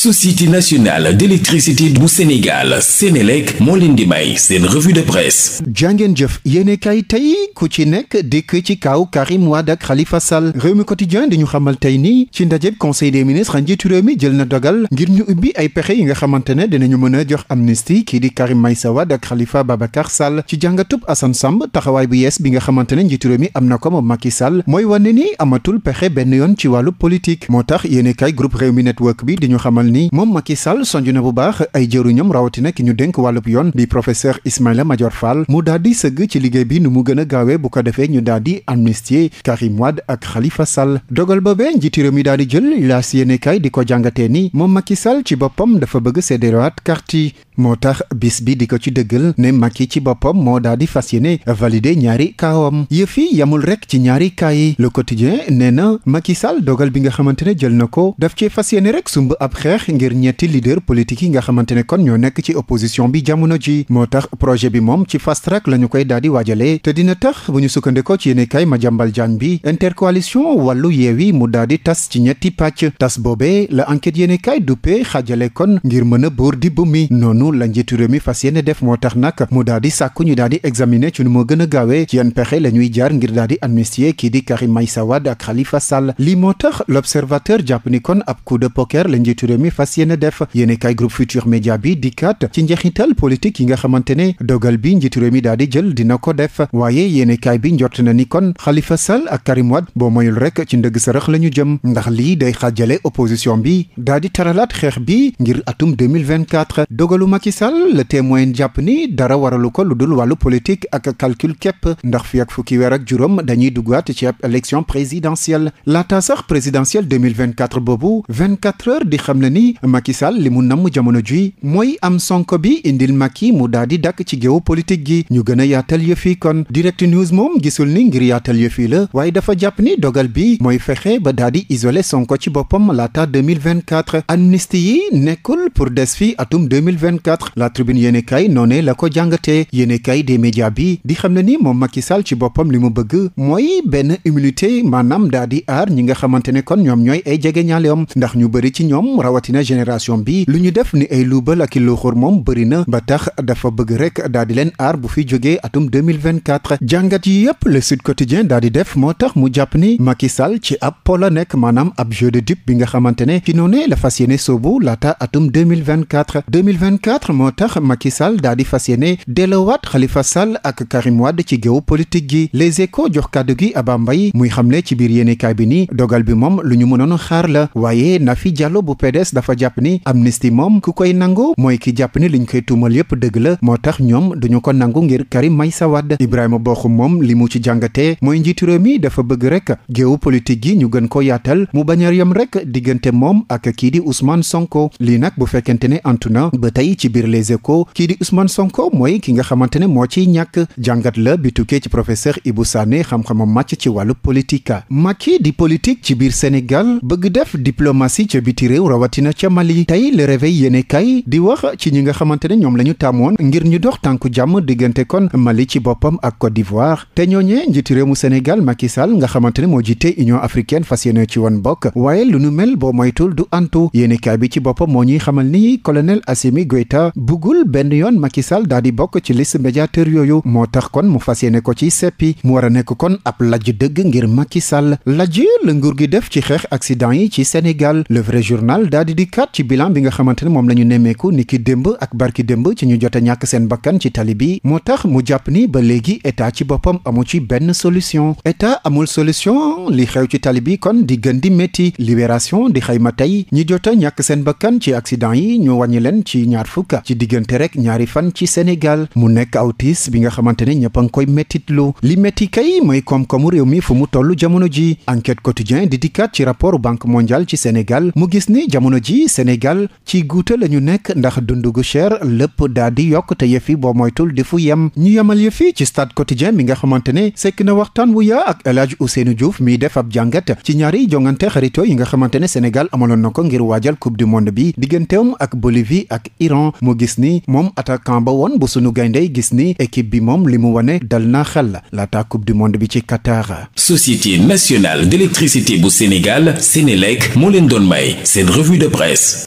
société nationale d'électricité bu Sénégal Sénélec moo leen di may seen revue de presse jàngeen jëf yéene kay tey ku ci nekk dikk ci kaw Karim Wade ak Khalifa Sall réew mi quotidien di ñu xamal tey nii ci ndajeb conseil des ministres njiitu réew mi jël na dogal ngir ñu ubbi ay pexe yi nga xamante ne dinañu mën a jox amnistie kii di Karim Meïssa Wade ak Khalifa Babacar Sall ci jàngatub Assane Samb taxawaay bu yees bi nga xamante ne njiitu réew mi am na ko moom Macky Sall mooy wane ni amatul pexe benn yoon ci wàllu politique moo tax yéene kay groupe réew mi network bi toll nii moom Macky Sall sonj na bu baax ay jëruñam rawatina ki ñu dénk wàllub yoon di professeur Ismaïla major Fall mu daal di sëgg ci liggéey bi nu mu gën a gaawee bu ko defee ñu daal di amnistier Karim Wade ak Khalifa Sall dogal boobee njiiti réew mi daal di jël laas yéene kay di ko jàngatee ni moom Macky Sall ci boppam dafa bëgg séddalewaat carte yi moo tax bis bi di ko ci dëggal ne Macky ci boppam moo daal di fas yéene valider ñaari kaawam yëfi yamul rek ci ñaari kaa yi le quotidien nee na Macky Sall dogal bi nga xamante ne jël na ko daf cee fas yéene rek sumb ab xeex xeex ngir ñetti leader politique yi nga xamante ne kon ñoo nekk ci opposition bi jamono ji moo tax projet bi moom ci fast track la ñu koy daal di waajalee te dina tax bu ñu sukkandikoo ci yéene kay ma jàmbal jaan bi intercoalition wàllu yeewi mu daal di tas ci ñetti pàcc tas boobe la enquête yéene kaay duppee xaajale kon ngir mën a buur di bu mi noonu la njiitu mi fas yéene def moo tax nag mu daal di sàkku ñu daal di examiner ci nu moo gën a gaawee ci yan pexe la ñuy jaar ngir daal di amnistier kii di Karim Meïssa Wade ak Khalifa Sall moo tax l'observateur jàpp ni kon ab coup la njiitu mi mi fas yéene def yéene kay groupe futur média bi dikkat ci njeexital politique yi nga xamante ne dogal bi njiitu réew mi daal di jël dina ko def waaye yéene kaay bi njort na ni kon xalifa Sall ak Karim boo moyul rek ci ndëgg sërëx la ñu jëm ndax lii day xaajale opposition bi daal di taralaat xeex bi ngir atum 2024 dogalu Macky Sall le témoin jàpp ni dara waralu ko lu dul wàllu politique ak calcul képp ndax fi ak fukki weer ak juróom dañuy duggaat ci ab élection laata sax présidentielle 2024 boobu 24 heures di xam ni Macky Sall li mu namm jamono ji mooy am sonko bi indil Macky mu daal di dakk ci géopolitique gi ñu gën a yaatal yëfi kon direct news moom gisul ni ngir yaatal yëfi la waaye dafa jàpp ni dogal bi mooy fexe ba daal di isolé sonko ci boppam laata 2024 amnistie yi nekkul pour des fi atum 2024 la tribune yéene kay noonee la ko jàngatee yéene kay des médias bi di xam ne ni moom Macky Sall ci boppam li mu bëgg mooy benn immunité maanaam daal di aar ñi nga xamante ne kon ñoom ñooy ay jegeñaaleem ndax rawatina génération bi lu ñu def ni ay luubal ak i luuxur moom bëri na ba tax dafa bëgg rek daal di leen aar bu fi jógee atum 2024 jàngat yi yépp le Sud Quotidien daal di def moo tax mu jàpp ni Macky Sall ci ab po la nekk maanaam ab jeu de bi nga xamante ne ci noonee la fas yéene soobu laata atum 2024 2024 moo tax Macky Sall daal di fas yéene dellowaat xalifa Sall ak Karim Wade ci géew politique gi Les Échos jox kàddu gi Aba mbay muy xam ne ci biir yéenekaay bi ni dogal bi moom lu ñu mënoon xaar la waaye Nafi Diallo bu PDS dafa jàpp ni amnistie moom ku koy nangu mooy ki jàpp ni liñ koy tuumal yépp dëgg la moo tax ñoom duñu ko nangu ngir Karim Meïssa Wade Ibrahima Bakhoum moom li mu ci jàngatee mooy njiitu réew mi dafa bëgg rek géopolitique gi ñu gën ko yaatal mu bañ a yem rek diggante moom ak kii di Ousmane Sonko lii nag bu fekkente ne antu na ba tey ci biir les échos kii di Ousmane Sonko mooy ki nga xamante ne moo ci ñàkk jàngat la bi tukkee ci professeur Ibou Sané xam-xamam màcc ci wàllu politique Macky di politique ci biir Sénégal na ca Mali tey le réveil yéenekaay di wax ci ñi nga xamante ne ñoom la ñu tàmmoon ngir ñu dox tànku jàmm diggante kon Mali ci boppam ak Côte d'Ivoire te ñooñee njiiti réew mu Sénégal Macky Sall nga xamante ne moo jiite Union africaine fas yéene ci woon bokk waaye lu nu mel boo moytul du antu yéenekaay bi ci boppam moo ñuy xamal ni colonel Assimi Goïta bugul benn yoon Macky Sall di bokk ci liste médiateur yooyu moo tax kon mu fas yéene ko ci seppi mu war a nekk kon ab lajj dëgg ngir Macky Sall lajj la nguur gi def ci xeex accident yi ci Sénégal le vrai di dikkaat ci bilan bi nga xamante ne moom la ñu nemmeeku ni ki démb ak barki démb ci ñu jote ñàkk seen bakkan ci tali bi moo tax mu jàpp ni ba léegi état ci boppam amu ci benn solution état amul solution li xew ci tali bi kon di gën di métti libération di xayma tey ñi jota ñàkk seen bakkan ci accident yi ñu wàññi leen ci ñaar fukk ci diggante rek ñaari fan ci Sénégal mu nekk autis bi nga xamante ne ñëpp a ngi koy méttitlu li métti kay mooy koom-koomu réew mi fu mu toll jamono ji enquête quotidien di dikkaat ci rapport banque mondiale ci Sénégal gis ji Sénégal ci guuta la ñu nekk ndax dund gu cher lépp daa di yokk te yëfi boo moytul di fu yem ñu yemal yëfi ci stade quotidien bi nga xamante ne sekk na waxtaan wu yaa ak El Hadj Ousseynou Diouf miy def ab jàngat ci ñaari jongante xarito yi nga xamante ne Sénégal amaloon na ko ngir waajal coupe du monde bi digganteem ak Bolivie ak Iran mu gis ni moom attaquant ba woon bu sunu gayndey gis ni équipe bi moom li mu wane dal na xel laata coupe du monde bi ci Qatar. Société nationale d'électricité bu Sénégal Sénélec moo leen doon may seen revue de de presse.